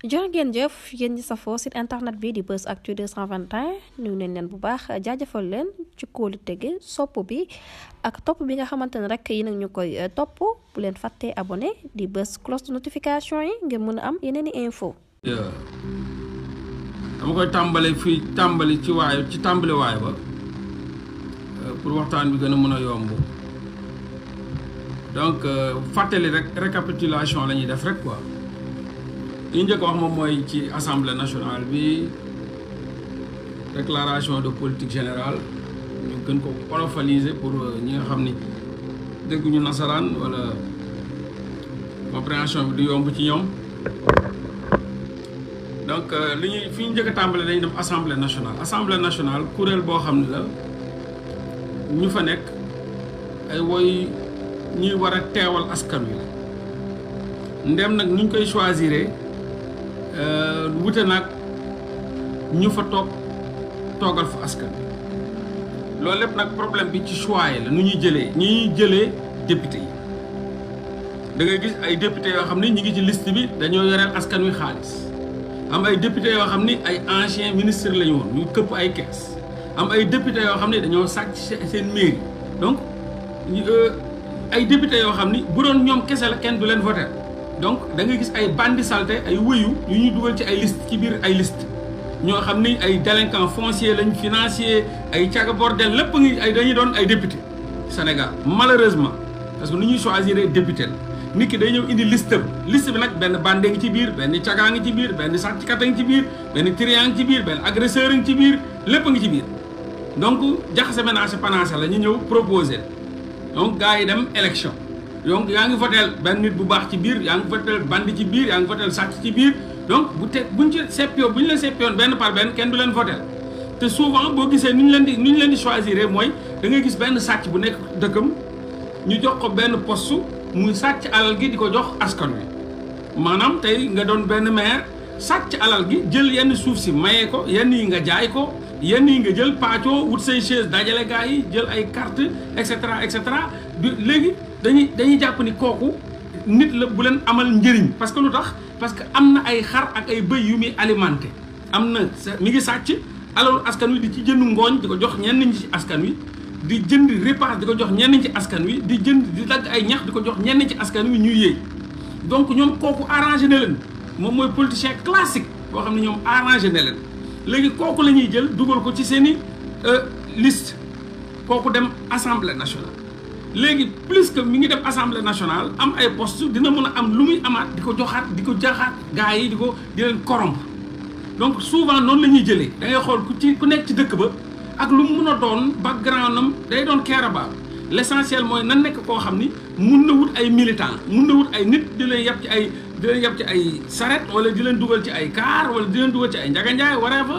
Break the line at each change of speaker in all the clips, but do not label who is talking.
jërë ngeen jëf yéen ñi safoo site internet bi di Buzz Actu 221 nuyu nañ leen bu baax jaajafal leen ci kóolu tege sopp bi ak topp bi nga xamante ne rek yi nag ñu koy euh, topp bu leen fàttee abone di bës cloche de notification yi ngir mën a am yeneen i info dama koy tàmbale fii tàmbali ci waayu ci tàmbali waay ba euh, pour waxtaan bi gën a mën a yomb donc euh, fàttali rek récapitulation la ñuy def rek quoi li njëkk wax moom mooy ci assemblée nationale bi déclaration de politique générale ñu gën ko olofaliser pour euh, ñi nga xam ni dégguñu nasaraan wala compréhension bi du yomb ci ñoom donc euh, li ñuy fi ñu njëkk a tàmbale dañuy dem assemblée nationale assemblée nationale kuréel boo xam ne la ñu fa nekk ay woy ñuy war a teewal askan wi ndem nag ñu koy choisiree Euh, wute nag ñu fa toog toogal fa askan loolu lépp nag problème bi ci choix la nu ñuy jëlee ñi ñuy jëlee député yi da ngay gis ay député yoo xam ni ñi ngi ci list bi dañoo yoreel askan wi xaalis am ay député yoo xam ni ay ancien ministre lañu woon ñu këpp ay kees am ay député yoo xam ni dañoo sàcc seen mairie donc euh, ay député yoo xam ni bu doon ñoom kese la kenn du leen voter donc da ngay gis ay bandi salté ay wëyu yu ñu dugal ci ay liste ci biir ay liste ñoo xam ni ay délinquant foncier lañ financier ay caga bordel lépp ngi ay dañuy doon ay député Sénégal malheureusement parce que nu ñuy choisir député la ki day ñëw indi liste bi liste bi nag benn bande ngi ci biir benn cagaa ngi ci biir benn sàcckat ngi ci biir benn trian ngi ci biir benn agresseur ngi ci biir lépp ngi ci biir donc jaxase ménage panacé la ñu ñëw proposé donc gars yi dem élection donc yaa ngi voteel benn nit bu baax ci biir yaa ngi voteel bandi ci biir yaa ngi voteel sàcc ci biir donc bu te buñ ci seppoo bu ñu leen seppoon benn par benn kenn du leen voteel te souvent boo gisee ni ñu leen di ni ñu leen di mooy dangay gis benn sàcc bu nekk dëkkam ñu jox ko benn poste muy sàcc alal gi di ko jox askan wi maanaam tey nga doon benn maire sàcc alal gi jël yenn suuf si mayee ko yenn yi nga jaay ko yenn yi nga jël pàccoo wut say chaise dajale gars yi jël ay kart et cetera cetera du léegi dañuy dañuy jàpp ni kooku nit la bu leen amal njëriñ parce que lu tax parce que am na ay xar ak ay bëy yu muy alimenté am na mi ngi sàcc alalu askan wi di ci jënd ngooñ di ko jox ñenn ñi ci askan wi di jënd repas di ko jox ñenn ci askan wi di jënd di dagg ay ñax di ko jox ñenn ci askan wi ñuy yéey donc ñoom kooku arrangé na leen moom mooy politicien classique boo xam ne ñoom arrangé na leen léegi kooku la ñuy jël dugal ko ci seen i euh, liste kooku dem assemblée nationale léegi plus que mu ngi dem assemblée nationale am ay poste dina mun a am lu muy amaat di ko joxaat di ko jaxaat gars yi di ko di leen corrompre donc souvent noonu la ñuy jëlee da xool ku ci ku nekk ci dëkk ba ak lu mu mun a doon background am day doon keerabaa l' essentiel mooy nan nekk koo xam ni mun na wut ay militant mun na wut ay nit di leen yàpp ci ay di leen yab ci ay saret wala di leen dugal ci ay kaar wala di leen dugal ci ay njaganjaay waree fa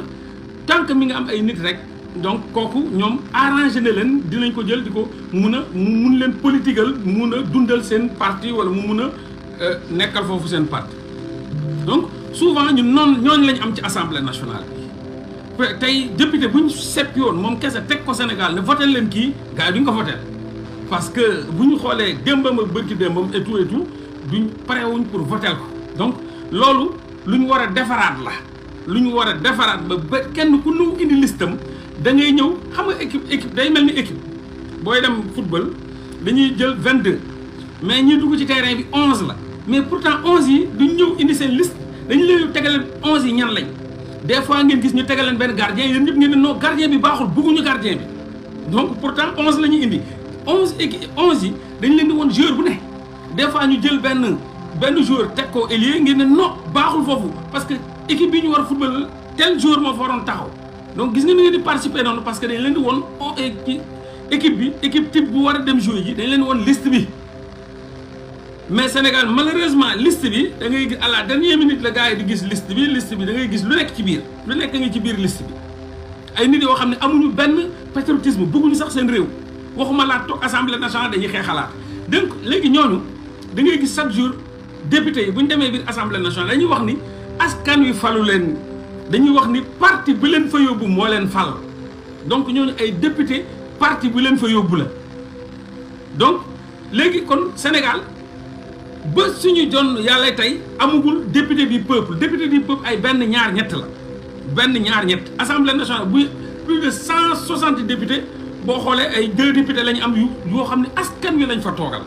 tant que mi nga am ay nit rek donc kooku ñoom arrangé na leen dinañ ko jël di ko mun a mu mun leen mu mun a dundal seen parti wala mu mun a euh, nekkal foofu seen parti donc souvent ñun noonu ñooñu lañ am ci assemblée nationale bi tey député bu ñu sepp yoon moom kese teg ko Sénégal ne votel leen kii gars yi duñ ko votel parce que bu ñu xoolee démbam ak bërki démbam et tout et tout duñ parewuñ pour votel ko donc loolu lu ñu war a defaraat la lu ñu war a defaraat ba ba kenn ku nu indi listam da ñëw xam nga équipe équipe day mel ni équipe booy dem football dañuy jël 22 mais ñi dugg ci terrain bi onze la mais pourtant 11 yi duñ ñëw indi seen list dañu leen tegaleen 11 yi ñan lañ des fois ngeen gis ñu tegaleen benn gardien yéen ñëpp ngeen ne non gardien bi baaxul bugguñu gardien bi donc pourtant 11 la ñuy indi 11 équipe 11 yi dañu leen di woon joueur bu ne. des fois ñu jël benn benn joueur teg koo ailier ngeen ne non baaxul foofu parce que équipe bi ñu war a football tel joueur moo fa waroon taxaw donc gis nga ni ngeen di participer noonu parce que dañ leen di woon on e équipe bi équipe type bu war a dem jouer yi dañ leen woon liste bi. mais Sénégal malheureusement liste bi da ngay gis à la dernière minute la gars yi di gis liste bi liste bi da gis lu nekk ci biir lu nekk nga ci biir liste bi ay nit yoo xam ne amuñu benn patriotisme bëgguñu sax seen réew waxuma laa toog assemblée nationale dañuy xeexalaat donc léegi ñooñu. da ngay gis chaque jour député yi bu ñu demee biir assemblée nationale dañuy wax ni askan wi falu leen dañuy wax ni parti bi leen fa yóbbu moo leen fal donc ñooñu ay député parti bi leen fa yóbbu la donc léegi kon Sénégal ba suñu jon yàlla tey amagul député du peuple député bi peuple ay benn ñaar ñett la benn ñaar ñett assemblée nationale bu plus de cent soixante députés boo xoolee ay deux députés la ñu am yu yoo xam ne askan wi lañ fa toogal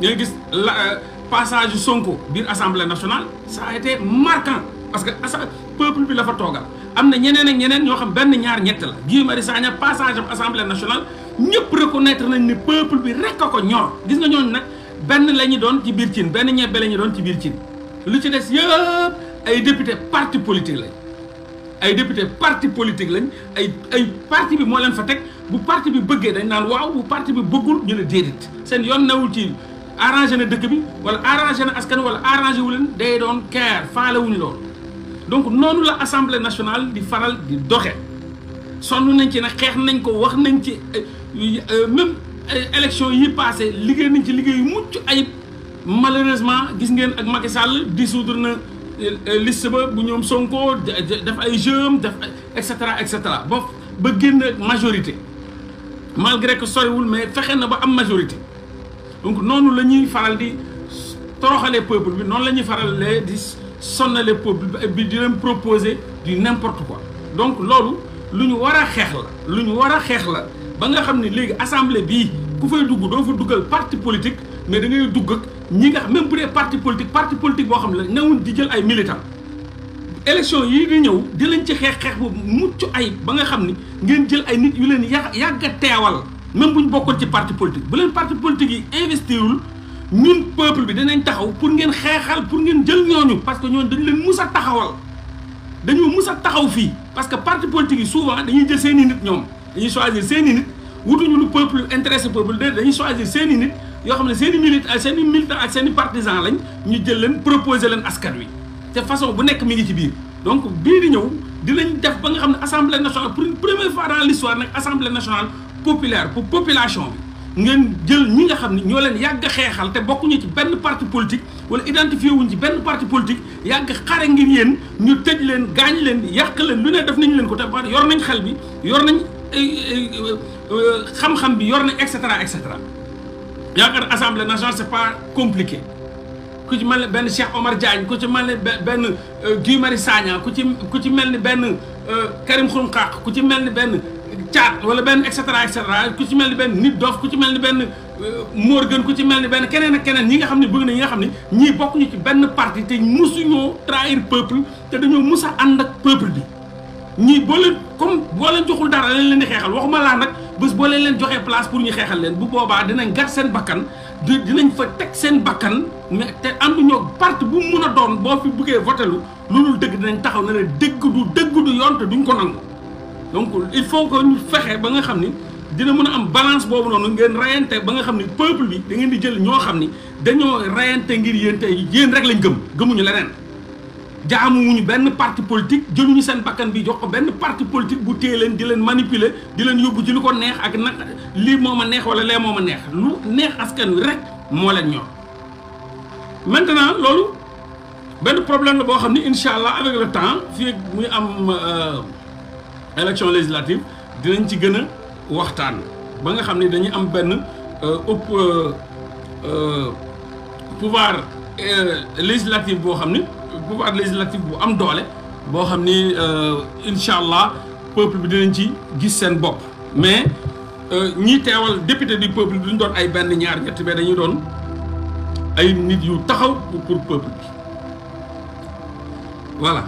ngeen gis la euh, passage Sonko biir assemblée nationale ça a été marquant parce que asa peuple bi la fa toogal am na ñeneen ak ñeneen ñoo xam benn ñaar ñett la Guy Marius Sagna passage am assemblée nationale ñëpp reconnaître nañ ne peuple bi rek a ko ñor gis nga ñooñu nag benn la ñu doon ci biir cin benn ñebbe la ñu doon ci biir cin lu ci des yëpp ay député parti politique lañ ay député parti politique lañ ay ay parti bi moo leen fa teg bu parti bi bëggee dañ naan waaw bu parti bi bëggul ñu ne déedéet seen yoon newul ci arrangé na dëkk bi wala arrangé na askan wala arrangé wu leen day doon care faale wuñ lool donc noonu la assemblée nationale di faral di doxe sonn nañ ci nag xeex nañ ko wax nañ ci euh, euh, même euh, élection yi passé liggéey nañ ci liggéeyu yu mucc ayib malheureusement gis ngeen ak Macky Sall dissoudre na liste ba bu ñoom Sonko def ay jëm def et cetera et cetera ba ba génn majorité malgré que soriwul mais fexe na ba am majorité donc noonu la ñuy faral di toroxalee peuple bi noonu la ñuy faralee di sonnalee peuple bi di leen proposer du n'importe quoi donc loolu lu ñu war a xeex la lu ñu war a xeex la ba nga xam ne léegi assemblée bi ku fay dugg doo fa duggal parti politique mais da ngay dugg ak ñi nga même bu dee parti politique parti politique boo xam ne newuñ di jël ay militants élection yii di ñëw di lañ ci xeex xeex bu mucc ay ba nga xam ni ngeen jël ay nit yu leen yàgg a teewal même bu ñu bokkoon ci parti politique bu leen parti politique yi investirul ñun peuple bi danañ taxaw pour ngeen xeexal pour ngeen jël ñooñu parce que ñooñu dañ leen mus a taxawal dañoo mus a taxaw fii parce que parti politique yi souvent dañuy jël seeni nit ñoom dañuy choisir seen i nit wutuñu lu peuple intéressé peuple déedéet dañuy choisir seen i nit yoo xam ne seen i seen i militants ak seen i partisans lañ ñu jël leen proposer leen askan wi te façon bu nekk mi ngi ci biir donc bii di ñëw dinañ def ba nga xam ne assemblée nationale pour une première fois populaire pour population bi ngeen jël ñi nga xam ni ñoo leen yàgg xeexal te bokkuñu ci benn parti politique wala identifié wuñ ci benn parti politique yàgg xare ngir yéen ñu tëj leen gaañ leen yàq leen lu ne def nañu leen ko te yor nañ xel bi yor nañu euh, euh, xam-xam bi yor na et cetera et cetera yaakaar assemblée nationale c'est pas compliqué ku ci mel ne benn Cheikh Omar Diagne ku ci mel ne benn euh, Guy Marius ku ci ku ci mel ni benn Karim Xrum Xax ku ci mel ni benn caat wala benn et cetera et cetera ku ci mel ni benn nit dof ku ci mel ni benn euh, Morgan ku ci mel ni benn keneen ak keneen ñi nga xam ne bëgg na ñi nga xam ne ñii ñu ci benn parti te musuñoo trahir peuple te dañoo mus ànd ak peuple bi. ñii boo leen comme boo leen joxul dara lañ leen di xeexal waxuma laa nag bés boo leen leen joxee place pour ñu xeexal leen bu boobaa dinañ gat seen bakkan dinañ fa teg seen bakkan mais te ànduñoo parti bu mu mun a doon boo fi bëggee votelu loolu dëgg dinañ taxaw ne dëgg du dëgg du yoon te duñ ko nangu. donc il faut que ñu fexe ba nga xam ni dina mun a am balance boobu noonu ngeen rayante ba nga xam ni peuple bi dangeen di jël ñoo xam ni dañoo rayante ngir yéen tey yéen rek lañ gëm gëmuñu leneen jaamuwuñu benn parti politique jëluñu seen bakkan bi jox ko benn parti politique bu téye leen di leen manipuler di leen yóbbu ci lu ko neex ak nag lii moom ma neex wala lee moom ma neex lu neex askan wi rek moo leen ñor maintenant loolu benn problème la boo xam ni incha allah avec le temps fii muy am. Euh, élection législative dinañ ci gën a waxtaan ba nga xam ne dañuy am benn ëpp euh, euh, euh, pouvoir législatif boo xam ni pouvoir législatif bu am doole boo xam ni incha allah peuple bi dinañ ci gis seen bopp mais ñi teewal député du peuple duñ doon ay benn ñaar ñett be dañuy doon ay nit yu taxaw pour peuple bi voilà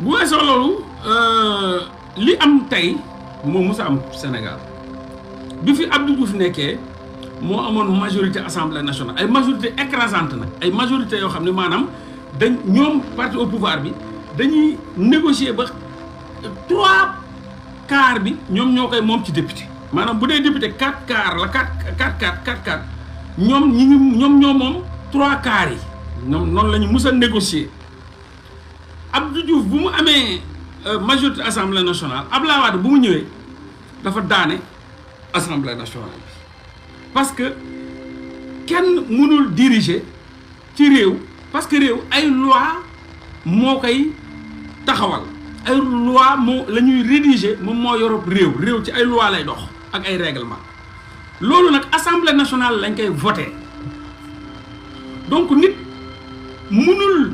bu weesoo loolu Euh, li am tey moom mës a am Sénégal bi fi Abdou Diouf nekkee moo amoon majorité assemblée nationale ay majorité écrasante nag ay majorité yoo xam ne maanaam dañ ñoom parti au pouvoir bi dañuy négocier ba trois quarts bi ñoom ñoo koy moom ci député maanaam bu dee député quatre quarts la quatre quatre quatre quatre quatre ñoom ñi ñoom ñoo moom trois quarts yi ñoom lañu musa ñu mus a mu amee Euh, majorité assemblée nationale Abdoulaye Wade bu mu ñëwee dafa daane assemblée nationale bi parce que kenn mënul diriger ci réew parce que réew ay loi moo koy taxawal ay loi moo la ñuy rédiger moom moo yorob réew réew ci ay loi lay dox ak ay réglement loolu nag assemblée nationale lañ koy voté donc nit mënul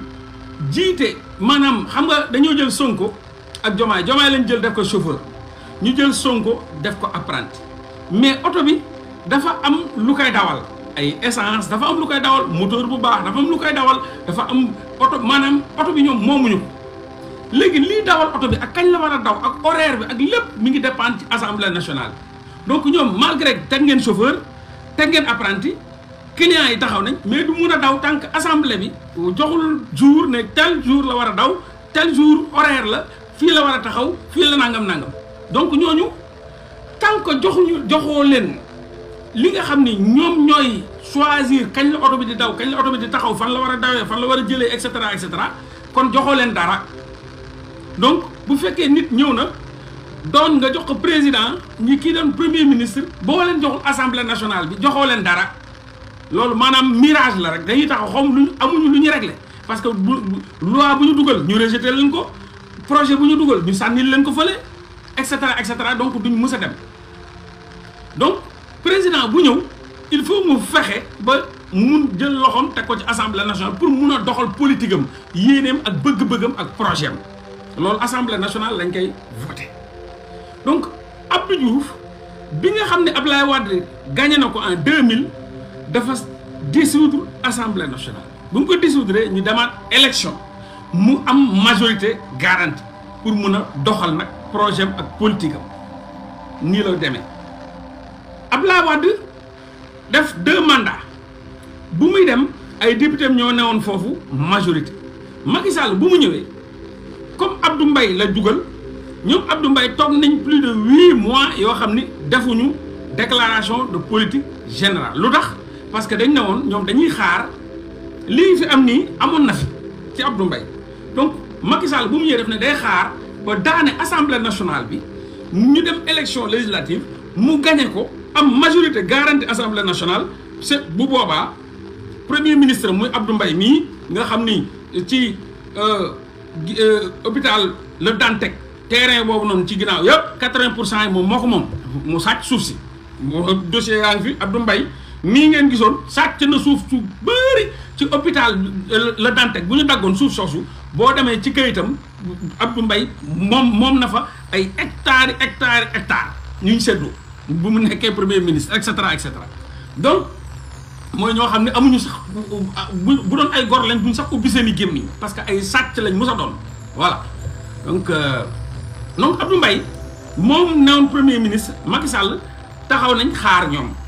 jiite maanaam xam nga dañoo jël Sonko ak jomaay jomaay leen jël def ko chauffeur ñu jël sonko def ko apprenti mais oto bi dafa am lu koy dawal ay essence dafa am lu koy dawal moteur bu baax dafa am lu koy dawal dafa am oto maanaam oto bi ñoom moomuñu ko léegi lii dawal oto bi ak kañ la war a daw ak horaire bi ak lépp mu ngi dépendre ci assemblée nationale donc ñoom malgré teg ngeen chauffeur teg ngeen apprenti clients yi taxaw nañ mais du mun a daw tant que assemblée bi joxul jour ne tel jour la war a daw tel jour horaire la fii la war a taxaw fii la nangam nangam donc ñooñu tant que joxuñu joxoo leen li nga xam ni ñoom ñooy choisir kañ la oto bi di daw kañ la oto bi di taxaw fan la war a dawee fan la war a jëlee et cetera et cetera kon joxoo leen dara donc bu fekkee nit ñëw na doon nga jox ko président ñi kii doon premier ministre boo leen joxul assemblée nationale bi joxoo leen dara loolu maanaam mirage la rek dañuy taxaw xaw amuñu lu ñu réglé parce que bu loi bu ñu dugal ñu rejeté leen ko. projet bu ñu dugal ñu sànnil leen ko fële et cetera et cetera donc duñ mës a dem donc président bu ñëw il faut mu fexe ba mun jël loxoom teg ko ci assemblée nationale pour mun a doxal politique am yéeneem ak bëgg-bëggam ak projet am loolu assemblée nationale lañ koy voté donc Abdou Diouf bi nga xam ne Abdoulaye Wade gagné na ko en 2000 dafa dissoudre assemblée nationale bu mu ko dissoudre ñu demaat élection. mu am majorité garantie pour mun a doxal nag projet ak politique am nii la demee Abdoulaye Wade def deux mandats bu muy dem ay député ñoo newoon foofu majorité Macky Sall bu mu ñëwee comme Abdou mbay la dugal ñoom Abdou mbay toog nañ plus de huit mois yoo xam ni defuñu déclaration de politique générale lu tax parce que dañ newoon ñoom dañuy xaar lii fi am nii amoon na fi ci Abdou Mbaye donc Macky Sall bu mu ñëwee def ne day xaar ba daane assemblée nationale bi ñu dem élection législative mu gane ko am majorité garantie assemblée nationale c'est bu boobaa premier ministre muy Abdou mbay mii nga xam ni ci euh, euh, hôpital Le Dantec terrain boobu noonu ci ginnaaw yëpp 80 pour cent yi moom moo ko moom mu sàcc suuf si dossier yaa ngi fi Abdou Mbaye mii ngeen gisoon sàcc na suuf su bëri ci hôpital euh, la Dantec bu ñu daggoon suuf soosu boo demee ci kayitam Abdou mbay moom moom na fa ay hectares hectares hectares ñu ñu seddoo bu mu nekkee premier ministre et cetera et cetera donc mooy ñoo xam ne amuñu sax bu bu doon ay gor lañ duñ sax ubbi seen i parce que ay sàcc lañ mu sa doon voilà donc euh, donc Abdou mbay moom newoon premier ministre Macky taxaw nañ xaar ñoom.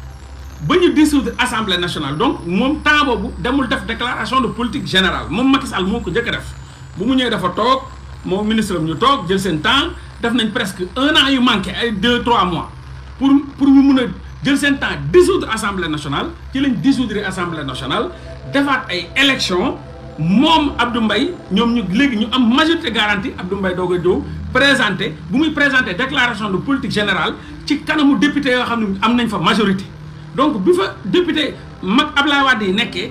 ba ñu dissoudre assemblée nationale donc moom temps boobu demul def déclaration de politique générale moom Macky Sall moo ko njëkk a def bu mu ñëwee dafa toog moom ministre am ñu toog jël seen temps def nañ presque un an yu manqué ay deux trois mois pour pour mu mun a jël seen temps dissoudre assemblée nationale ci lañ dissoudre assemblée nationale defaat ay élection moom Abdou mbay ñoom ñu léegi ñu am majorité garantie Abdou mbay doog a jow présenté bu muy présenté déclaration de politique générale ci kanamu député yoo xam ne am nañ fa majorité donc bi fa député mag Ablaye Wade yi nekkee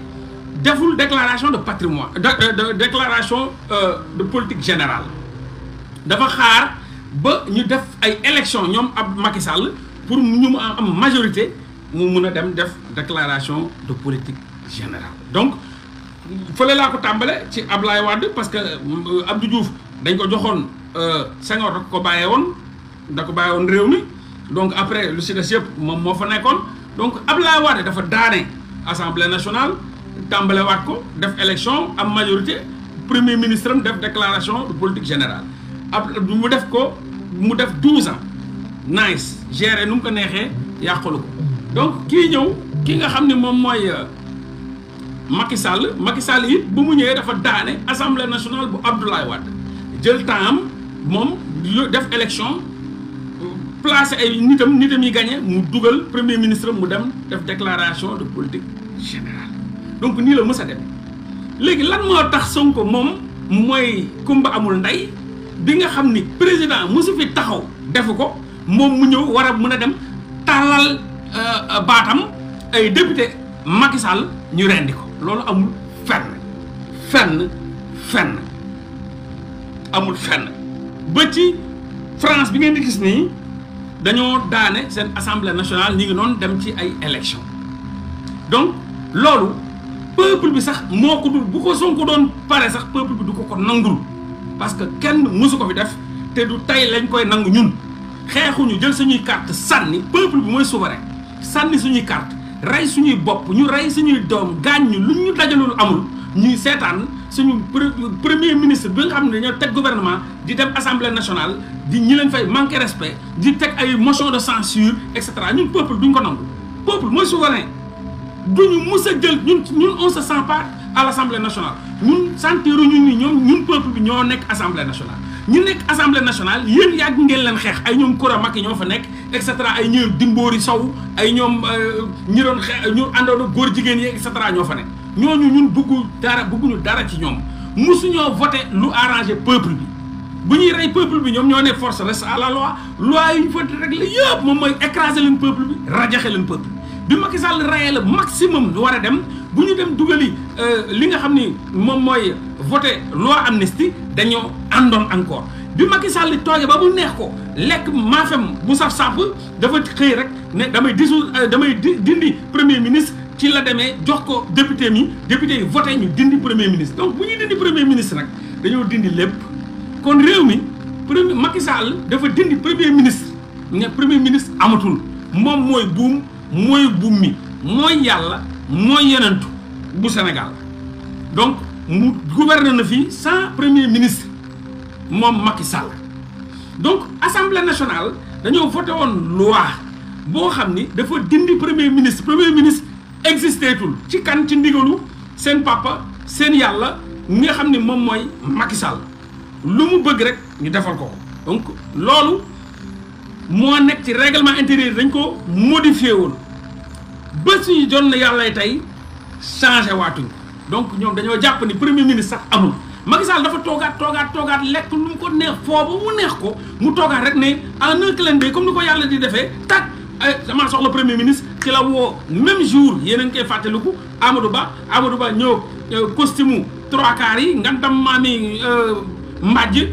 deful déclaration de patrimoine de déclaration euh, de politique général dafa xaar ba ñu def ay élection ñoom ab Macky sàll pour ñu mu am majorité mu mun a dem def déclaration de politique générale donc fële laa ko tàmbale ci Ablaye Wade parce que euh, Abdou Diouf dañ ko joxoon euh, Senghor da ko bàyyee woon da ko bàyyee woon réew mi donc après lu si des yëpp moom moo fa nekkoon donc Abdoulaye Wade dafa daane assemblée nationale tàmbalewaat ko def élection am majorité premier ministre am def déclaration de politique générale ab mu def ko mu def douze ans nice géré nu mu ko neexee yàqalu ko donc kii ñëw ki nga xam ne moom mooy euh, Macky Sall Macky Sall it bu mu ñëwee dafa daane assemblée nationale bu Abdoulaye Wade jël temps am moom def élection placé ay nitam nitam yi gagné mu dugal premier ministre mu dem def déclaration de politique générale donc nii la mës a léegi lan moo tax Sonko moom mooy kumba amul ndey bi nga xam ni président mësu fi taxaw defu ko moom mu ñëw war a mën a dem tàllal euh, baatam ay député Macky Sall ñu rendi ko loolu amul fenn fenn fenn amul fenn ba ci France bi ngeen di gis nii dañoo daane seen assemblée nationale ñi ngi noonu dem ci ay élection donc loolu peuple bi sax moo ko dul bu ko Sonko doon pare sax peuple bi du ko ko nangul parce que kenn mësu ko fi def te du tey lañ koy nangu ñun xeexuñu jël suñuy carte sànni peuple bi mooy souverain sànni suñuy carte rey suñuy bopp ñu rey suñuy doom gaañ ñu lu ñu dajalul amul ñuy seetaan suñu premier ministre bi nga xam ne dañoo teg gouvernement di dem assemblée nationale di ñi leen fay manquer respect di teg ay motion de censure et cetera ñun peuple duñ ko nangu. peuple mooy souverain duñu mus a jël ñun ñun on se sent pas à l' assemblée nationale ñun sentiruñu ñu ñoom ñun peuple bi ñoo nekk assemblée nationale. ñu nekk assemblée nationale yéen yàgg ngeen leen xeex ay ñoom Koura Macky ñoo fa nekk et cetera ay ñoom Dimboori Sow ay ñoom euh, ñi doon xeex ñu àndoon góor jigéen yi et ñoo fa nekk. ñooñu ñun bëggu dara bëgguñu dara ci ñoom musuñoo voté lu arrangé peuple bi bu ñuy rey peuple bi ñoom ñoo ne force reste à la loi loi yu ñu voté rek la yëpp moom mooy écraser leen peuple bi rajaxe leen peuple bi Macky Sall rayee la maximum lu war a dem bu ñu dem dugali euh, li nga xam ni moom mooy voté loi amnistie dañoo àndoon encore bi Macky Sall toogee ba mu neex ko lekk maafem bu saf sàpp dafa xëy rek ne damay disu euh, damay dindi premier ministre ci la demee jox ko député mi député yi voté ñu dindi premier ministre donc bu ñuy dindi premier ministre nag dañoo dindi lépp kon réew mi premier Macky Sall dafa dindi premier ministre ne premier ministre amatul moom mooy buum mooy buum mi mooy yàlla mooy yenentu bu Sénégal donc mu gouverne na fii sans premier ministre moom Macky Sall donc assemblée nationale dañoo voté woon waa boo xam ni dafa dindi premier ministre premier ministre existé ci kan ci ndigalu seen papa seen yàlla mi nga xam ne moom mooy Macky lu mu bëgg rek ñu defal ko donc loolu moo nekk ci règlement intérieur dañ ko modifié woon ba suñu jon na yàlla tey changé waatuñ donc ñoom dañoo jàpp ni premier ministre sax amul Macky Sall dafa toogaat toogaat toogaat lekk lu mu ko neex foofu mu neex ko mu toogaat rek ne en un clin d'œil comme ni ko yàlla di defee tak damaa soxla premier ministre ki la woo même jour yéen a ngi koy ko Amadou Ba Amadou Ba ñëw euh, costume trois quarts yi nga dam maami euh, mbàjj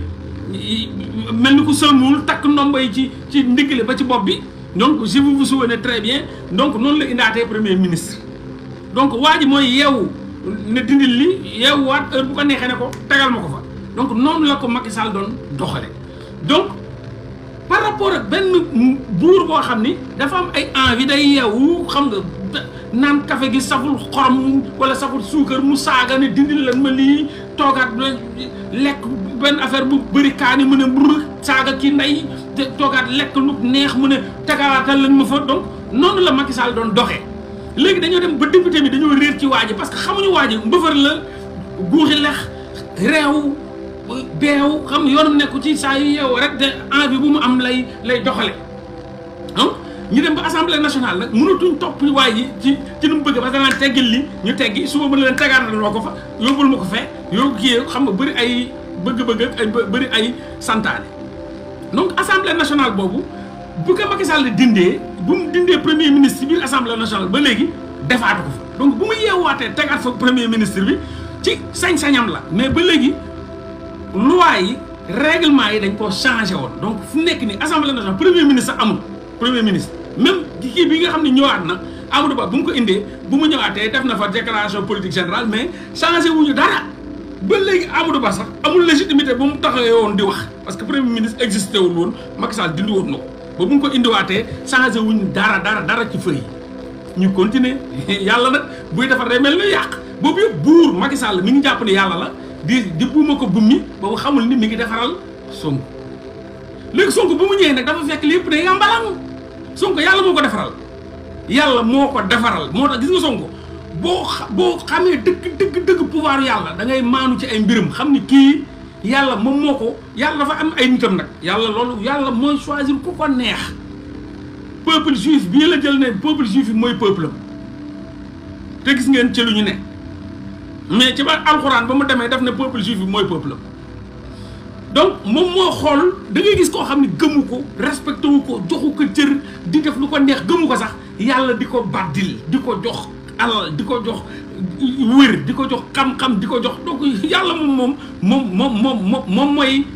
mel ni ku sëlmuwul takk ndombo yi ci ci ndiggale ba ci bopp bi donc je vous vous souvenez très bien donc noonu la indaatee premier ministre donc waa ji mooy yeewu ne dindil li yeewu waat heure bu ko neexee ne ko tegal ma ko fa donc noonu la ko Macky Sall doon doxale par rapport ak benn buur boo xam ni dafa am ay envie day yeewu xam nga naan kafe gi saful xorom wala saful suukar mu saaga ne dindil lan ma lii toogaat lekk benn affaire bu bëri kaani mu ne mbur saaga kii ndey toogaat lekk nu neex mu ne tegaatal lan ma fa donc noonu la Macky Sall doon doxee léegi dañoo dem ba député bi dañoo réer ci waa ji parce que xamuñu waa ji mbëfër la guuxi lex réew beew xam yoonam nekku ci saa yu yeewoo rek de envie bu mu am lay lay doxale donc ñu dem ba assemblée nationale nag mënatuñ topp waay yi ci ci lu mu bëgg parce que danaan teggil li ñu teggi su ma mun mën leen tegaat loo ko fa yóbbul ma ko fee yoo kii xam nga bëri ay bëgg-bëgg ak ay bëri ay santaane donc assemblée nationale boobu bu ko Macky Sall dindee bu mu dindee premier ministre ci biir assemblée nationale ba léegi defaatu ko fa donc bu mu yeewaatee tegaat fa premier bi ci sañ-sañam la mais loi yi règlement yi dañ koo changé woon donc fu nekk ni assemblée nationale premier ministre amul premier ministre même kii bi nga xam ne ñëwaat na Amadou Ba bu mu ko indee bu mu ñëwaatee def na fa déclaration politique générale mais changé wuñu dara ba léegi Amadou Ba sax amul légitimité bu mu taxawee woon di parce que premier ministre existé wul woon Macky Sall dindi woon na ko ba bu ko indiwaatee changé wuñu dara dara dara ci feuille ñu continuer yàlla nag buy defar day mel ni yàq boobu yëpp buur Macky Sall mi ngi jàpp ne yàlla la di di buuma ko bummi boobu xamul ni mi ngi defaral sonk léegi sonk bu mu ñëwee nag dafa fekk lépp day yàmbalaan Sonko yàlla moo ko defaral yàlla moo ko defaral moo tax gis nga Sonko boo boo xamee dëgg dëgg dëgg pouvoir yàlla da ngay maanu ci ay mbiram xam ni kii yàlla moom moo ko yàlla dafa am ay nitam nag yàlla loolu yàlla mooy choisir ku ko neex peuple juif bii la jël ne peuple juif bi mooy peuple te gis ngeen ci lu ñu ne mais ci ba alxuraan ba mu demee daf ne peuple juif bi mooy peuple donc moom moo xool da gis koo xam ne gëmu ko respecté wu ko joxu ko cër di def lu ko neex gëmu ko sax yàlla di ko baddil di ko jox alal di ko jox wér di ko jox xam-xam di ko jox donc yàlla moom moom moom moom moom moom mooy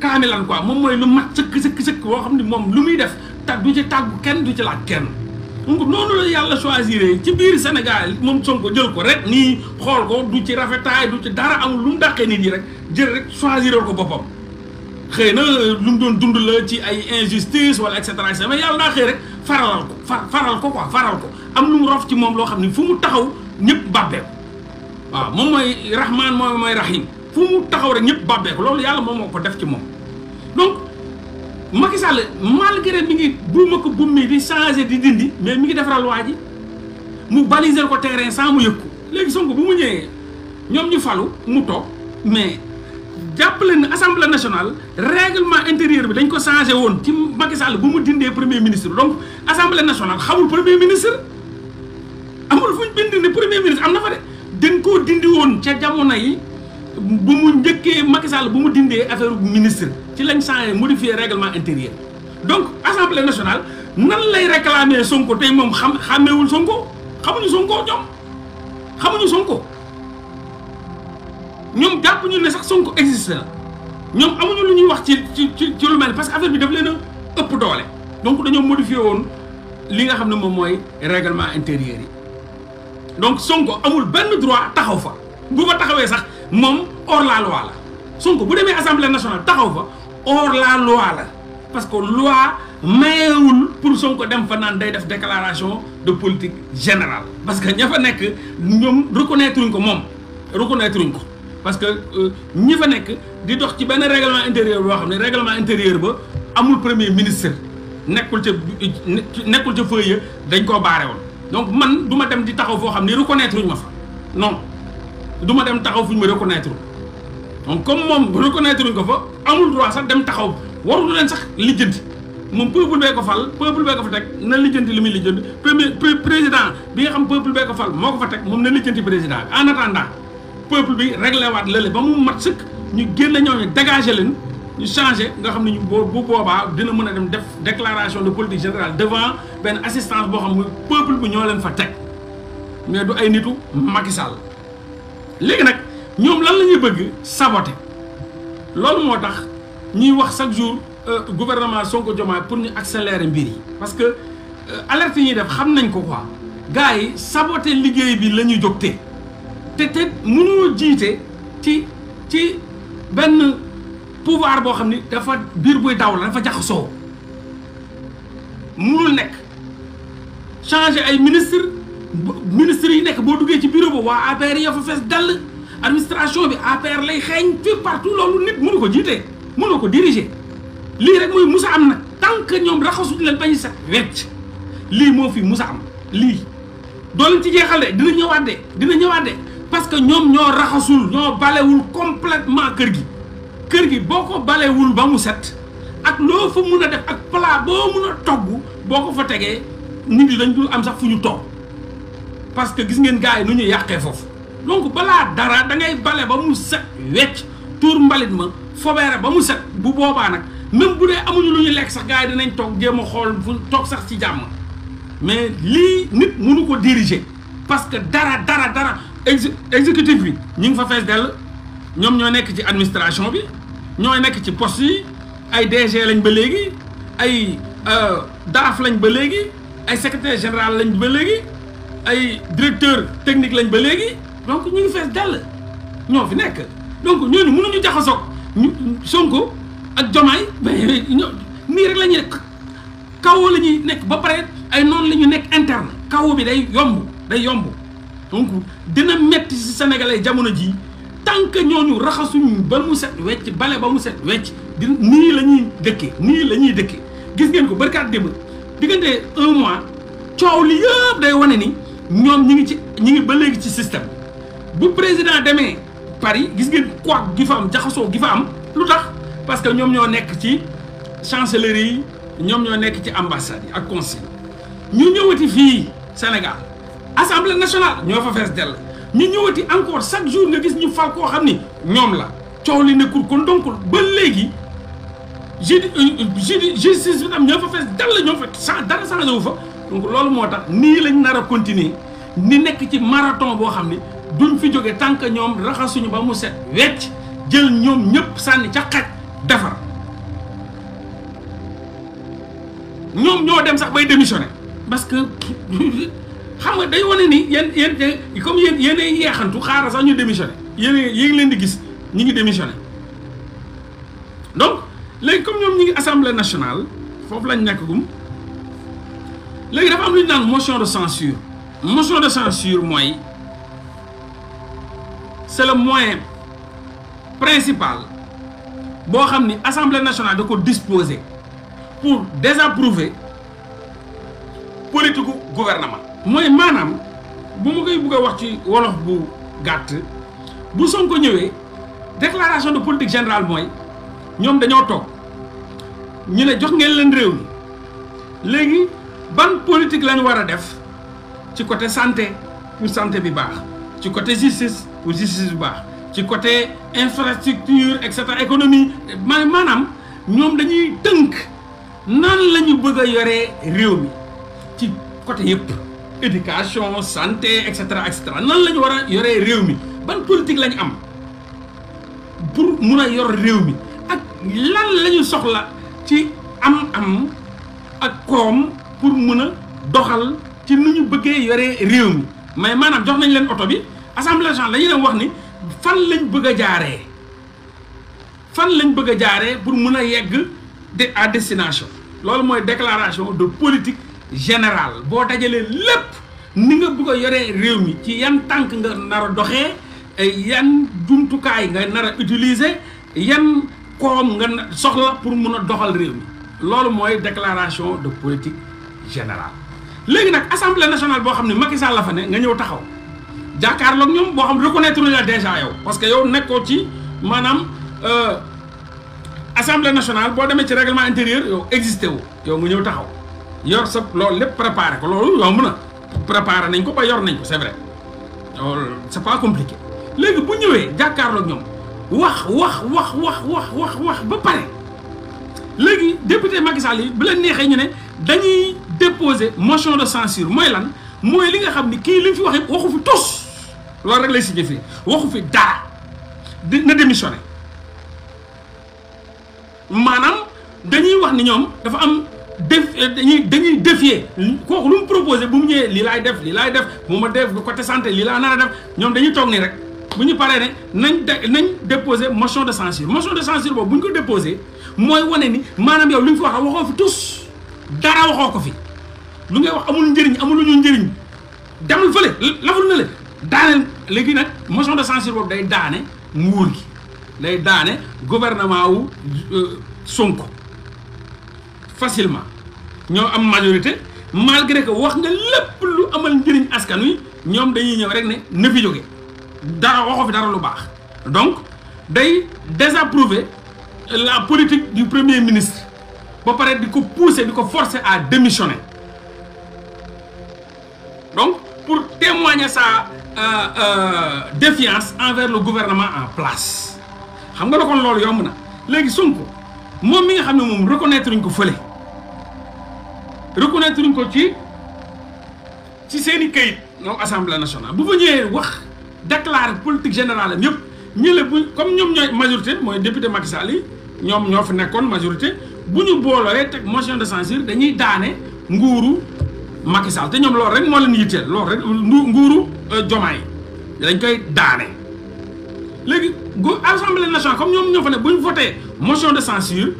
kaamilan quoi moom mooy lu mat sëkk sëkk sëkk boo xam ne moom lu muy def te du ci tàggu kenn du ci laaj kenn noonu la yàlla choisir ci biir Sénégal moom ko jël ko rek nii xool ko du ci rafetaay du ci dara amul lu mu dàqee nit ñi rek jël rek choisiral ko boppam xëy na lu mu doon dund la ci ay injustice wala et cetera et cetera mais yàlla daa xëy rek faralal ko faral ko faral ko am lu mu rof ci moom loo xam ne fu mu taxaw ñëpp bàbbee ko waaw moom mooy rahman moom mooy rahim fu mu taxaw rek ñëpp bàbbee ko loolu yàlla moom moo ko def ci moom Macky Sall malgré mi ngi buuma ko buum mi di changé di dindi mais mi ngi defaral waa ji mu baliser ko terrain sans mu yëg ko léegi Sonko bu mu ñëwee ñoom ñu falu mu toog mais jàppale ne assemblée nationale règlement intérieur bi dañ ko changé woon ci Macky Sall bu mu dindee premier ministre donc assemblée national xamul premier ministre amul fu ñu bind ne premier ministre am na fa de dañ koo dindi woon ca jamono yi. bu mu njëkkee Macky bu mu dindee affaire ministre ci lañ changé modifier règlement intérieur donc assemblée nationale nan lay réclamer Sonko tey moom xam xàmmeewul Sonko xamuñu Sonko ñoom xamuñu Sonko ñoom jàpp ne sax Sonko existe la ñoom amuñu lu ñuy wax ci ci ci lu mel parce que affaire bi daf leen a ëpp doole donc dañoo modifié woon li nga xam ne moom mooy réglement intérieur yi donc Sonko amul benn droit taxaw fa bu fa taxawee sax. moom hors la loi la Sonko bu demee assemblée nationale taxaw fa hors la loi la parce que loi mayewul pour Sonko dem fa naan day def déclaration de politique général parce que ña fa nekk ñoom reconnaître uñ ko moom reconnaître uñ ko parce que euh, ñi fa nekk di dox ci benn règlement intérieur boo xam ne règlement intérieur ba amul premier ministre nekkul ca nekkul ca feuille dañ koo baare woon donc man du ma dem di taxaw foo xam ne reconnaître uñ ma fa non. du ma dem taxaw fu ñu ma reconnaître donc comme moom reconnaître ñu ko fa amul droit sax dem taxaw warul leen sax lijjanti moom peuple bee ko fal peuple bee ko fa teg na lijjanti li muy lijjanti premier président bi nga xam peuple bee ko fal moo ko fa teg moom na lijjanti président bi en attendant peuple bi réglé waat lële ba mu mat sëkk ñu génne ñooñu dégagé leen ñu changé nga xam ne ñu bu boobaa dina mën a dem def déclaration de politique générale devant benn assistance boo xam ne peuple bi ñoo leen fa teg mais du ay nitu Macky Sall léegi nag ñoom lan la ñuy bëgg saboter loolu moo tax ñuy wax chaque jour euh, gouvernement Sonko Diomaye pour ñu accélérer mbir yi parce que euh, alerte yi ñuy def xam nañ ko quoi gars yi sabote liggéey bi la ñu jógtee te te mënoo jiite ci ci benn pouvoir boo xam ni dafa biir buy daw la dafa jaxasoo mënul nekk changer ay ministre ministre yi nekk boo duggee ci bureau ba waa APR ya fa fees dall administration bi APR lay xeeñ fii partout loolu nit mënu ko jiitee mënu ko diriger lii rek mooy musa am nag tant ñoom raxasuñ leen bañ set wecc lii moo fi musa am lii doo leen ci jeexal de dina ñëwaat de dina ñëwaat de parce que ñoom ñoo raxasul ñoo balewul complètement kër gi kër gi boo ko balewul ba mu set ak loo fa mun a def ak palaa boo mun a togg boo ko fa tegee nit yi dañ dul am sax fu parce que gis ngeen gars yi nu ñu yàqee foofu donc balaa dara da ngay bale ba mu set wecc tuur mbalit ma fobeere ba mu set bu boobaa nag même bu dee amuñu lu ñu lekk sax gars yi dinañ toog jéem a xool fu toog sax ci jàmm mais lii nit mënu ko diriger parce que dara dara dara exe exécutif bi ñu ngi fa fees dell ñoom ñoo nekk ci administration bi ñooy nekk ci post yi ay DG lañ ba léegi ay euh, daaf lañ ba léegi ay secrétaire général lañ ba léegi ay directeur technique lañ ba léegi donc ñu ngi fees dàll ñoo fi nekk donc ñooñu mënuñu jaxasoog ñu Sonko ak Jomaay mais nii rek la ñuy kawo la ñuy nekk ba pare ay noonu la ñu nekk interne kawo bi day yomb day yomb donc dina metti ci sénégalais jamono ji tant que ñooñu raxasuñu ba mu set wecc bale ba mu set wecc di nii la ñuy dëkkee nii la ñuy dëkkee gis ngeen ko barkaat démb diggante un mois coow li yëpp day wane ni ñoom ñi ngi ci ñi ngi ba léegi ci système bu président demee Paris gis ngeen quoi gi fa am jaxasoo gi fa am lu tax parce que ñoom ñoo nekk ci chancellerie yi ñoom ñoo nekk ci ambassade yi ak conseil ñu ñëwati fii Sénégal assemblée nationale ñoo fa fees dell ñu ñëwati encore chaque jour nga gis ñu fal koo xam ni ñoom la coow li nekkul kon donc ba léegi judi euh, judi justice bi tam ñoo fa fees dell ñoo fa dara changé wu fa. donc loolu moo tax nii lañu nar a continuer ni nekk ci marathon boo xam ne duñ fi jóge tànk ñoom raxasuñu ba mu set wecc jël ñoom ñëpp sànni ca xaj defar ñoom ñoo dem sax bay démissionner parce que xam nga day wane ni yéen yéen comme yéen yéenay yeexantu xaaral sax ñu démissionner yéen yéen leen di gis ñu ngi démissionner donc léegi comme ñoom ñu ngi assemblée national foofu lañ nekkagum. léegi dafa am lu ñu naan motion de censure motion de censure mooy c'est le moyen principal boo xam ni assemblée nationale da ko disposer pour désapprouver politique gouvernement. mooy maanaam bu ma koy bëgg a wax ci wolof bu gàtt bu ko ñëwee déclaration de politique générale mooy ñoom dañoo toog ñu ne jox ngeen leen réew mi léegi. ban politique lañ war a def ci côté sante pour santé bi baax ci côté justice pour justice bi baax ci côté infrastructure et cetera économie ma maanaam ñoom dañuy tënk nan la ñu bëgg a yoree réew mi ci côté yëpp éducation santé et cetera et cetera nan la ñu war a yoree réew mi ban politique la ñu am pour mun a yor réew mi ak lan la ñu soxla ci am-am ak koom pour mën a doxal ci nu ñu bëggee yoree réew mi mais maanaam jox nañ leen oto bi assemblée nationale dañu leen wax ni fan lañ bëgg a jaaree fan lañ bëgg a jaaree pour mën a yegg de à destination loolu mooy déclaration de politique générale boo dajalee lépp ni nga bëgg a yoree réew mi ci yan tànk nga nar a doxee yan jumtukaay nga nar a utiliser yan koom nga soxla pour mun a doxal réew mi loolu mooy déclaration de politique général léegi nag assemblée nationale boo xam ne Macky Sall la fa ne nga ñëw taxaw jàkkaarloog ñoom boo xam reconnaître la déjà yow parce que yow nekkoo ci maanaam euh, assemblée nationale boo demee ci règlement intérieur yow existé wu yow nga ñëw taxaw yor sa loolu lépp préparé ko loolu yomb na préparé nañ ko ba yor nañ ko c'est vrai loolu c'est pas compliqué léegi bu ñëwee jàkkaarloog ñoom wax wax wax wax wax wax wax ba pare léegi député Macky Sall yi ñu ne déposé motion de censure mooy lan mooy li nga xam ni kii li mu fi wax yëpp waxu fi tos loolu rek lay signifié waxu fi dara di na démissionné maanaam dañuy wax ni ñoom dafa am def eh, dañuy dañuy défier kooku lu mu proposé bu mu ñëwee lii laay def lii laay def bu a def bu côté santé lii laa nar a def ñoom dañuy toog nii rek bu ñu paree ne nañ de nañ déposé motion de censure motion de censure boobu bu ñu ko déposé mooy wone ni maanaam yow li mu fi wax waxoo fi tus dara waxoo ko fi. lu ngay wax amul njëriñ amul lu ñu njëriñ demul fële laful na le daaneel léegi nag motion de censure boobu day daane nguur gi day daane gouvernement wu euh, Sonko facilement ñoo am majorité malgré que wax nga lépp lu amal njëriñ askan wi ñoom dañuy ñëw rek ne na fi jóge dara waxoo fi dara lu baax donc day désapprouver la politique du premier ministre ba pare di ko pousser di ko forcer à démissionner donc pour témoigner sa euh, euh, défiance envers le gouvernement en place xam nga la kon loolu yomb na léegi Sonko moom mi nga xam ne moom reconnaître ñu ko fële reconnaître ñu ko ci ci seen i kayit moom assemblée nationale bu fa ñëwee wax déclarer politique générale am yëpp ñu ne bu comme ñoom ñooy majorité mooy député Macky Sall yi ñoom ñoo fi nekkoon majorité bu ñu booloolee teg motion de censure dañuy daane nguuru. Macky Sall te ñoom loolu rek moo leen yitteel loolu rek nguuru jomaay euh, dañ koy daane léegi gu assemblée nationale comme ñoom ñoo fa ne bu ñu voté motion de censure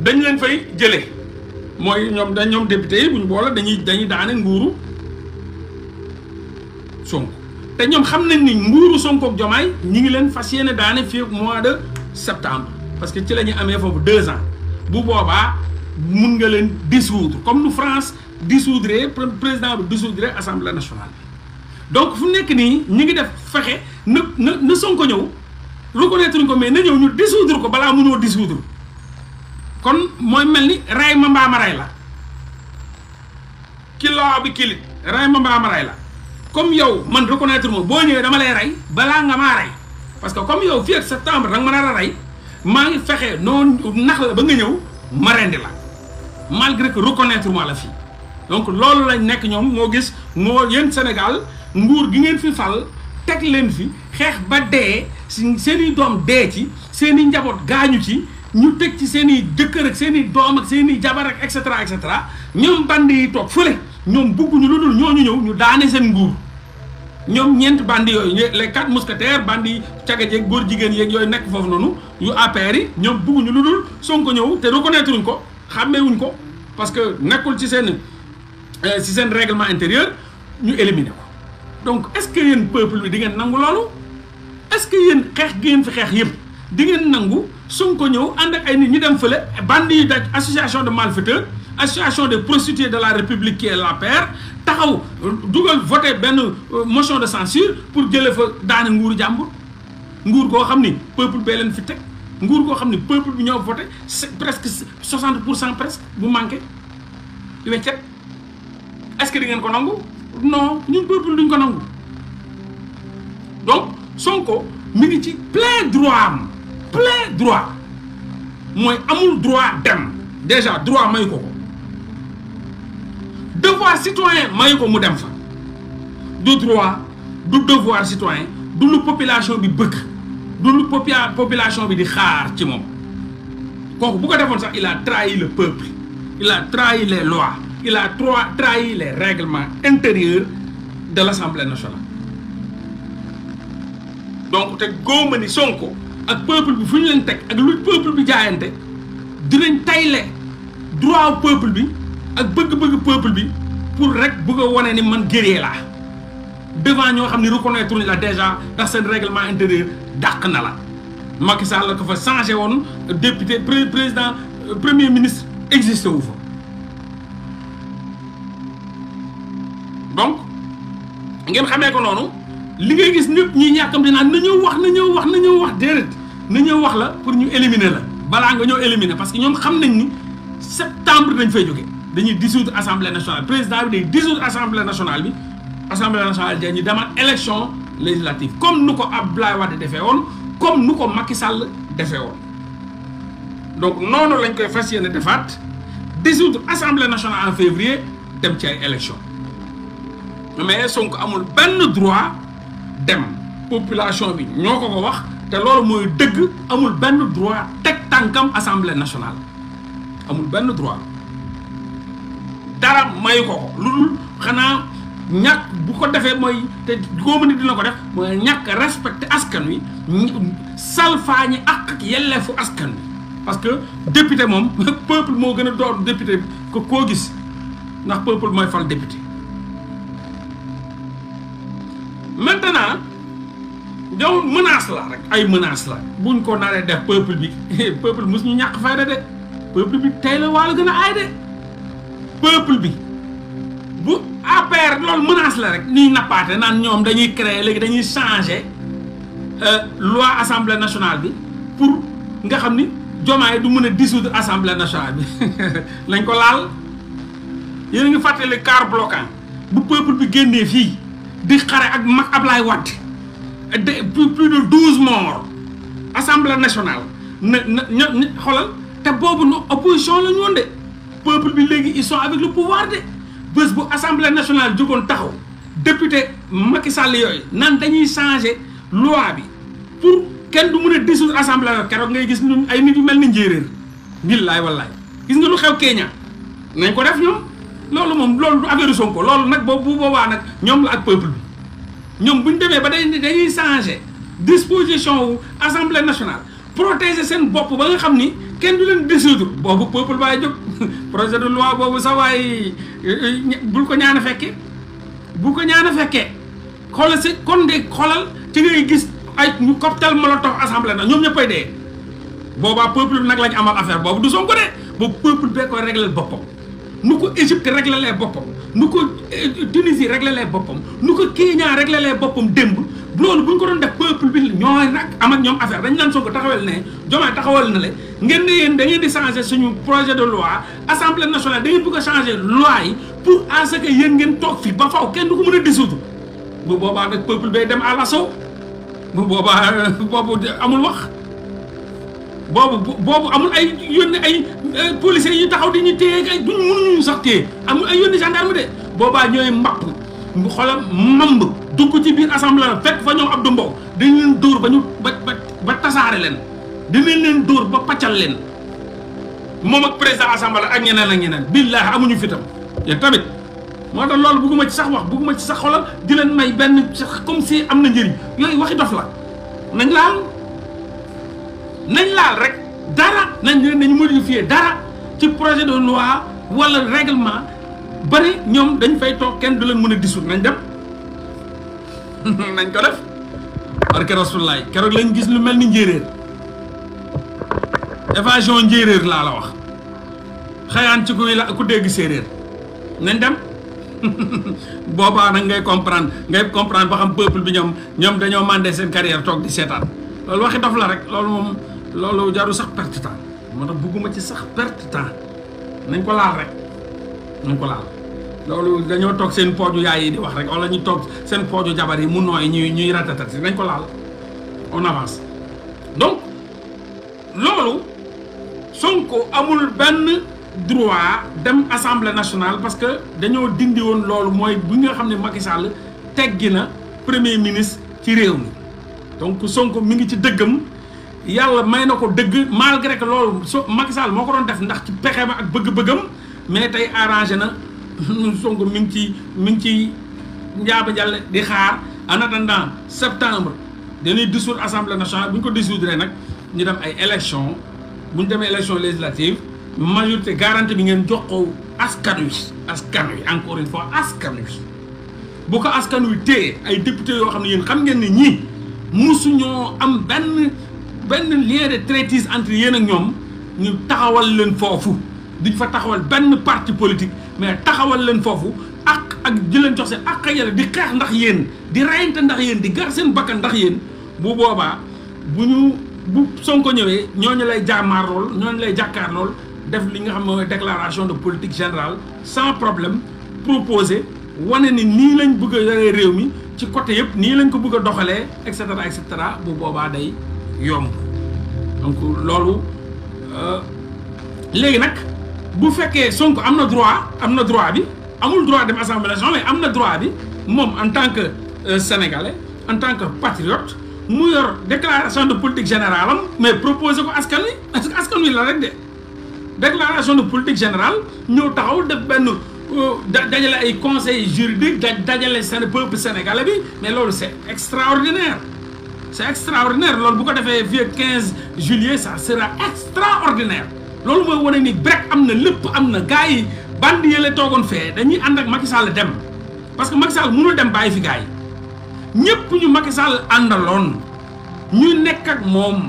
dañ leen fay jële mooy ñoom dañ ñoom député yi bu ñu dañuy dañuy daane nguuru Sonko te ñoom xam nañ ni nguuru Sonko ak jomaay ñi ngi leen fas yéene daane fi mois de septembre parce que ci la ñuy amee foofu deux ans bu boobaa. mun nga leen dissoudre comme nu France dissoudre président bi dissoudre assemblée nationale bi donc fu nekk nii ñu ngi def fexe na na na Sonko ñëw reconnaître ko mais na ñëw ñu dissoudre ko balaa munoo dissoudre kon mooy mel ni ray ma mbaama ray la kiloo bi kilit ray ma mbaama ray la comme yow man reconnaître ma boo ñëwee dama lay rey balaa nga maa rey parce que comme yow fii ak septembre danga ma nar a rey maa ngi fexe noo nax la ba nga ñëw ma rendi la malgré que reconnaître ma la fii donc loolu lañ nekk ñoom moo gis moo yéen Sénégal nguur gi ngeen fi fal teg leen fi xeex ba dee seen i doom dee ci seen i njaboot gaañu ci ñu teg ci seen i jëkkër ak seen i doom ak seen i jabar ak et cetera et cetera ñoom bandi yi toog fële ñoom bugguñu lu dul ñoo ñu ñëw ñu daane seen nguur ñoom ñeent bandi yooyu les quatre mousquetaires bandi caga jeeg góor jigéen yooyu nekk foofu noonu yu APR yi ñoom bugguñu lu dul Sonko ñëw te reconnaître ñu ko xàmmeewuñ ko parce que nekkul ci seen euh, ci seen réglement intérieur ñu éliminer ko donc est-ce que yen peuple bi di ngeen nangu loolu est-ce que yéen xeex gi ngeen fi xeex yëpp di ngeen nangu ko ñëw ànd ak ay nit ñu dem fële bande yi daj association de malfaiteurs association des prostituées de la république qui la paire taxaw dugal voté benn euh, motion de censure pour jëlee fa daane nguuru jàmbur nguur koo xam ni peuple bee leen fi teg. nguur goo xam ne peuple bi ñoo voté presque soixante pour cent presque bu manqué weccet est-ce que di ngeen ko nangu non ñun peuple duñ ko nangu donc Sonko mi ngi ci plein droit am plein droit mooy amul droit dem déjà droit mayu ko ko devoir citoyen mayu ko mu dem fa du droit du devoir citoyen du lu population bi bëgg du lu population bi di xaar ci moom kooku bu ko defoon sax il a trahi le peuple il a trahi les lois il a trahi les règlements intérieurs de l'Assemblée nationale donc te góoma ni Sonko ak peuple bi fu ñu leen teg ak lu peuple bi jaayante dinañ tayle droit peuple bi ak bëgg-bëgg peuple bi pour rek bëgg a wane ni man guerrier laa devant ñoo xam ne reconnaître la déjà ndax seen règlement intérieur dàq na la Macky Sall la ko fa changé woon député président euh, premier ministre existé wu fa donc ngeen xamee ko noonu li ngay gis ñëpp ñi ñàkkam naan na ñëw wax na ñëw wax na ñëw wax déedéet na ñëw wax la pour ñu éliminer la balaa nga ñëw éliminer parce que ñoom xam nañ ni septembre dañ fay jóge dañuy dissoudre assemblée nationale président bi day dissoudre assemblée nationale bi assemblée nationale dañu demal élection législative comme nu ko Abdoulaye Wade defee woon comme nu ko Macky sàll defee woon donc noonu lañ koy fas yéene defaat dissoudre assemblée nationale en février dem ci ay mais Sonko amul benn droit dem population bi ñoo ko ko wax te loolu mooy dëgg amul benn droit teg tànkam assemblée nationale amul benn droit dara mayu ko ko lu dul xanaa. ñàkk bu ko defee mooy te góobu nit dina ko def mooy ñàkk respecté askan wi ñi ak yelleefu askan wi parce que député moom peuple moo gën a door député ko koo gis ndax peuple mooy fal député maintenant yow menace la rek ay menace la buñ ko naree def peuple bi peuple mos ñu ñàkk fayda de peuple bi tey la wàllu gën a aay de peuple bi APR loolu menace la rek ñuy nappaate naan ñoom dañuy créer léegi dañuy changer euh, loi assemblée nationale bi pour nga xam ni jomaay du mën a dissoudre assemblée nationale bi nañ ko laal yéen a ngi fàttale car bloquant bu peuple bi génnee fii di xare ak mag Ablaye Wade de plus de douze morts assemblée nationale na na xolal te boobu no opposition la ñu woon de peuple bi léegi ils sont avec le pouvoir de bés bu assemblée nationale jógoon taxaw député Macky Sall yooyu nan dañuy changer loi bi pour kenn du mën a dissoudre assemblée yooyu keroog ngay gis ñun ay nit yu mel ni njéeréer billaay wallaay gis nga lu xew Kenya nañ ko def ñoom loolu moom loolu du affaire ko loolu nag boobu bu boobaa nag ñoom la ak peuple bi ñoom buñ demee ba dañuy dañuy changer disposition wu assemblée nationale protéger seen bopp ba nga xam ni kenn du leen dissoudre boobu peuple baay jóg. projet de loi boobu sa waay eh, eh, bul ko ñaan a fekkee bul ko ñaan a fekkee xoolal si kon de xoolal ci ngay gis ay ñu cocktail molotov assemblée na ñoom ñëppay dee boobaa peuple bi nag lañ amal affaire boobu du Sonko de boobu peuple bee koy réglé boppam nu ko Égypte réglé lee boppam nu ko eh, Tunisie réglé lee boppam nu ko Kenya réglé lee boppam démb loolu bu ñu ko doon def peuple bi ñooy nag am ak ñoom affaire dañ naan soog a taxawal ne Diomaye taxawal na le ngeen ne yéen da ngeen di changer suñu projet de loi assemblée nationale da ngeen bëgg a changer loi yi pour à ngeen toog fi ba faw kenn du ko mën a dissoudre bu boobaa nag peuple bay dem à l'assaut bu boobaa euh, boobu amul wax boobu boobu amul ay yónni ay euh, policiers yu taxaw di ñu téye ay duñ mënuñu sax téye amul ay yónni gendarme de boobaa ñooy mbapp xolam mamb dugg ci biir assemblée la fekk fa ñoom Abdou Mbow dañ leen dóor ba ñu ba ba tasaare leen di leen leen dóor ba paccal leen moom ak président la ak ñeneen ak ñeneen billaahi amuñu fitam yéen tamit moo tax loolu bugguma ci sax wax bugguma ci sax xolal di leen may benn sax comme si am na njëriñ yooyu waxi dof la nañ laal nañ laal rek dara nañ leen nañ modifier dara ci projet de loi wala règlement bari ñoom dañ fay toog kenn du leen mën a dissoudre nañ dem nañ ko def barke rasulaay keroog lañ gis lu mel ni njéeréer évasion njéeréer laa la wax xayaan ci kuy la ku dégg séeréer nañ dem boobaa nag ngay comprendre ngay comprendre ba xam peuple bi ñoom ñoom dañoo mandé seen carrière toog di seetaan loolu waxi dof la rek loolu moom loolu jaru sax perte temps moo tax bugguma ci sax perte temps nañ ko laal rek nañ ko laal loolu dañoo toog seen pooju yaay wax rek wala ñu toog seen pooju jabar yi mu nooy ñuy ñuy ratatat si nañ ko laal on avance donc loolu Sonko amul benn droit dem assemblée nationale parce que dañoo dindi woon loolu mooy bi nga xam ne Macky Sall teggi na premier ministre ci réew mi donc Sonko mu ngi ci dëggam yàlla may na ko dëgg malgré que loolu so Macky moo ko doon def ndax ci pexeem ak bëgg-bëggam mais tey arrangé na Sonko mi ngi ci mi ngi ci njaaba jàll di xaar en attendant septembre dañuy dissoudre assemblée nationale bu ñu ko dissoudre nag ñu dem ay élection bu ñu demee élection législative majorité garantie bi ngeen jox askan wi askan wi encore une fois askan wi bu ko askan wi te ay député yoo xam ne yéen xam ngeen ne ñii musuñoo am benn benn lien de traitise entre yéen ak ñoom ñu taxawal leen foofu duñ fa taxawal benn parti politique mais taxawal leen foofu ak ak di leen jox seen ak yàlla di xeex ndax yéen di reyante ndax yéen di gar seen bakkan ndax yéen bu boobaa bu ñu bu Sonko ñëwee ñooñu lay jaamaar lool ñooñu lay jàkkaar lool def li nga xam mooy déclaration de politique général sans problème proposé wane ni nii lañ bëgg a réew mi ci côté yëpp nii lañ ko bëgg a doxalee et cetera et cetera bu boobaa day yomb donc loolu euh, léegi nag. bu fekkee Sonko am na droit am na droit bi amul droit dem assemblée nationale mais am na droit bi moom en tant que euh, sénégalais en tant que patriote mu yor déclaration de politique générale am mais proposé ko askan wi askan wi la rek de déclaration de politique générale ñëw taxaw def benn euh, dajale ay conseil juridique dajale seen peuple sénégalais bi mais loolu c' est extraordinaire c' est extraordinaire loolu bu ko defee fii 15 juillet ça sera extraordinaire loolu mooy wane ni BREC am na lépp am na gars yi bandi yële toogoon fee dañuy ànd ak Macky Sall dem parce que Macky Sall mënul dem bàyyi fi gars yi ñëpp ñu Macky Sall àndaloon ñu nekk ak moom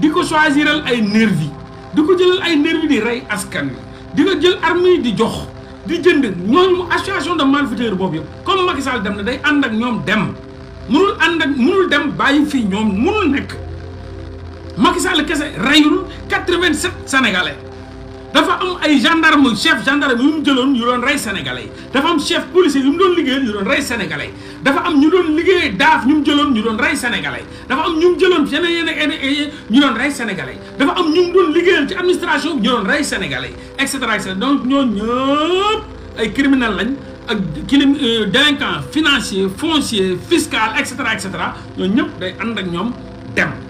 di ko choisiral ay nervi di ko jëlal ay nervi di rey askan wi di ko jël armée di jox di jënd ñooñu association de malfaiteurs boobu yëpp comme Macky Sall dem na day ànd ak ñoom dem mënul ànd ak mënul dem bàyyi fii ñoom mënul nekk. Macky Sall kese reyul quatre-vingt-sept sénégalais dafa am ay gendarme chef gendarme yu mu jëloon yu doon rey sénégalais dafa am chef policier yu mu doon liggéeyoon yu doon rey sénégalais dafa am ñu doon liggéey daaf ñu mu jëloon ñu doon rey sénégalais dafa am ñu mu jëloon yeneen yeneen ñu doon rey sénégalais dafa am ñu mu doon liggéeyal ci administration ñu doon rey sénégalais et cetera et cetera donc ñooñu ñëpp ay criminel lañ ak kilim euh, délinquant financier foncier fiscal et cetera et cetera ñooñu ñëpp day ànd ak ñoom dem.